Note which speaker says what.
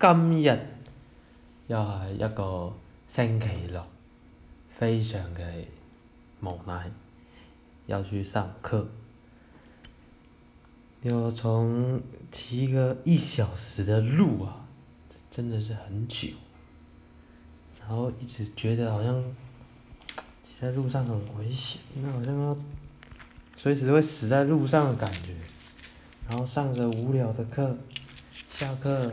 Speaker 1: 今日又係一個星期六，非常嘅無奈，要去上課。要從騎一個一小時的路啊！真的是很久，然後一直覺得好像在路上很危險，因為好像要隨時會死在路上的感覺。然後上着無聊的課，下課。